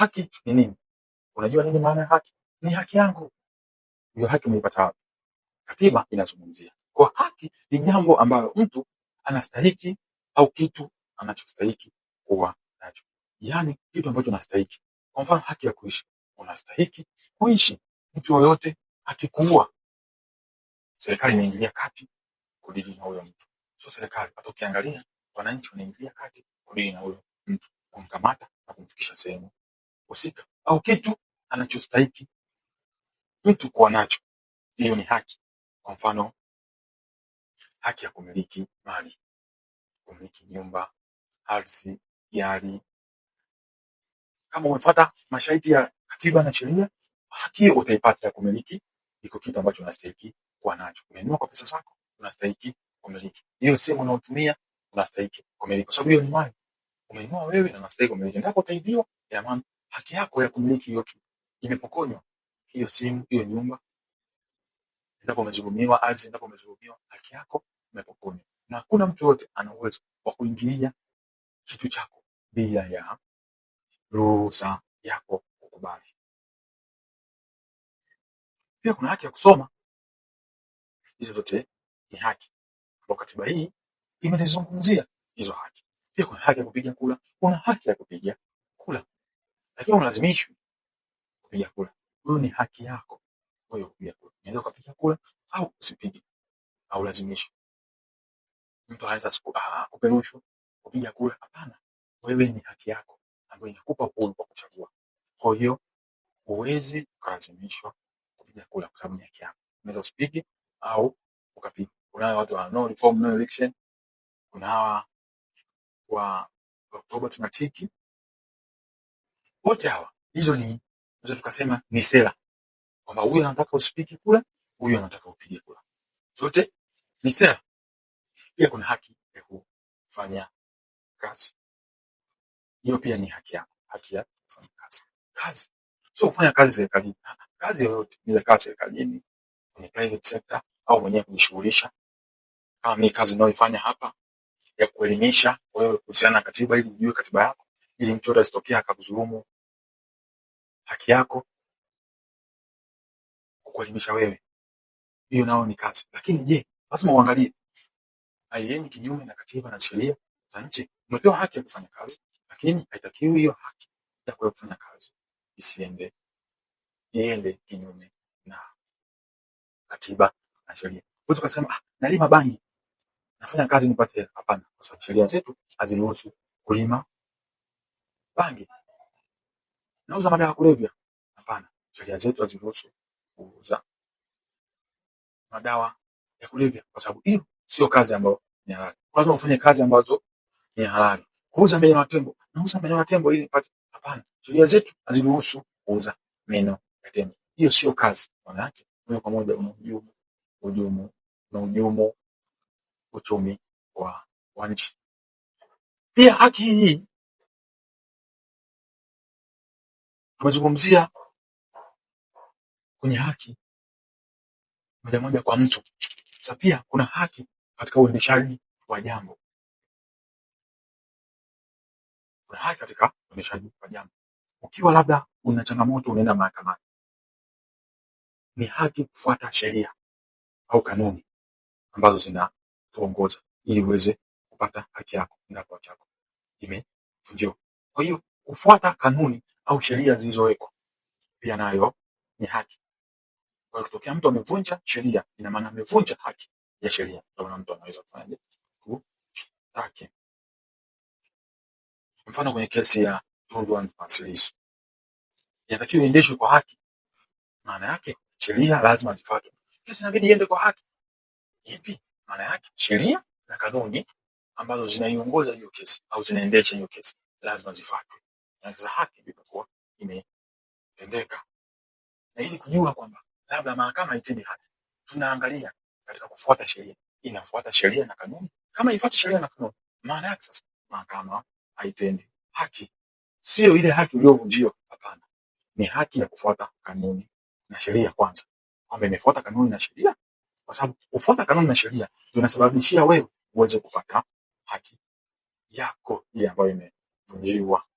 Haki ni nini? Unajua nini maana ya haki? Ni haki yangu. Hiyo haki umeipata wapi? Katiba inazungumzia kwa haki ni jambo ambalo mtu anastahiki au kitu anachostahiki kuwa nacho, yaani kitu ambacho unastahiki. Kwa mfano, haki ya kuishi, unastahiki kuishi. Mtu yoyote akikuua, serikali inaingilia kati kudili na huyo mtu, sio serikali hata ukiangalia wananchi wanaingilia kati kudili na huyo mtu, kumkamata na kumfikisha sehemu husika au kitu anachostahiki mtu kuwa nacho, hiyo ni haki. Kwa mfano, haki ya kumiliki mali, kumiliki nyumba, ardhi, gari. Kama umefuata masharti ya katiba na sheria, haki hiyo utaipata ya kumiliki. Iko kitu ambacho unastahiki kuwa nacho. Umenunua kwa pesa zako, unastahiki kumiliki. Hiyo simu unaotumia unastahiki kumiliki, kwa sababu hiyo ni mali umenunua wewe, na unastahiki kumiliki. Ndipo utaidhiwa ina maana haki yako ya kumiliki hiyo kitu imepokonywa, hiyo simu, hiyo nyumba. Endapo umezulumiwa ardhi, endapo umezulumiwa, haki yako imepokonywa, na hakuna mtu yote ana uwezo wa kuingilia kitu chako bila ya ruhusa yako kukubali. Pia kuna haki ya kusoma. Hizo zote ni haki kwa katiba hii imelizungumzia hizo haki. Pia kuna haki ya kupiga kula kuna haki ya kupiga kula lakini ulazimishwi kupiga kula. Hiyo ni haki yako wewe kupiga kula, Unaweza kupiga kula au usipige. Au lazimishwe. Mtu hawezi kukupa ah, rushwa kupiga kula, hapana. Wewe ni haki yako ambayo inakupa uhuru wa kuchagua. Kwa hiyo huwezi kulazimishwa kupiga kula kwa sababu ni haki yako. Unaweza usipige au ukapiga. Kuna watu wa no reform no election. Kuna hawa wa Oktoba tunatiki wote hawa, hizo ni tukasema ni sera, kwamba huyu anataka usipige kura, huyu anataka upige kura, zote ni sera. Pia kuna haki ya kufanya kazi, hiyo pia ni haki yako, haki ya kufanya kazi. Kazi sio kufanya kazi serikalini, kazi yoyote ni inaweza kuwa serikalini, kwenye private sector, au mwenyewe kujishughulisha kama mimi kazi ninayoifanya hapa ya kuelimisha wewe kuhusiana na katiba ili ujue katiba yako, ili mtu yote asitokea akakudhulumu haki yako kukuelimisha wewe, hiyo nao ni kazi. Lakini je, lazima uangalie haiendi kinyume na katiba na sheria za nchi. Umepewa haki ya kufanya kazi, lakini haitakiwi hiyo haki ya kufanya kazi isiende iende kinyume na katiba na sheria. Wewe ukasema ah, nalima bangi nafanya kazi nipate hela? Hapana, kwa sababu sheria zetu haziruhusu kulima bangi. Nauza madawa ya kulevya hapana sheria zetu haziruhusu kuuza madawa ya kulevya kwa sababu hiyo sio kazi ambayo ni halali. Lazima ufanye kazi ambazo ni halali. Kuuza meno ya tembo, nauza meno ya tembo ili nipate? Hapana, sheria zetu haziruhusu kuuza meno ya tembo. Hiyo sio kazi, maana yake moja kwa moja unahujumu hujumu unahujumu uchumi wa wa nchi. Pia haki hii Tumezungumzia kwenye haki moja moja kwa mtu. Sasa pia kuna haki katika uendeshaji wa jambo, kuna haki katika uendeshaji wa jambo. Ukiwa labda una changamoto, unaenda mahakamani, ni haki kufuata sheria au kanuni ambazo zinatuongoza ili uweze kupata haki yako endapo haki imevunjiwa. Kwa hiyo kufuata kanuni au sheria zilizowekwa pia nayo ni haki. Kwa hiyo kutokea mtu amevunja sheria, ina maana amevunja haki ya sheria, ndio maana mtu anaweza kufanya kushtaki. Mfano, kwenye kesi ya Tundu Antipas Lissu inatakiwa iendeshwe kwa haki, maana yake sheria lazima zifuatwe. Kesi inabidi iende kwa haki. Ipi maana yake? Sheria na kanuni ambazo zinaiongoza hiyo kesi au zinaendesha hiyo kesi lazima zifuatwe na sasa haki itakuwa imetendeka, na ili kujua kwamba labda mahakama itendi haki, tunaangalia katika kufuata sheria, inafuata sheria na kanuni. Kama ifuate sheria na kanuni, maana yake sasa mahakama haitendi haki. Sio ile haki uliyovunjiwa, hapana, ni haki ya kufuata kanuni na sheria kwanza, kwamba imefuata kanuni na sheria, kwa sababu kufuata kanuni na sheria inasababishia wewe uweze kupata haki yako ile ambayo imevunjiwa.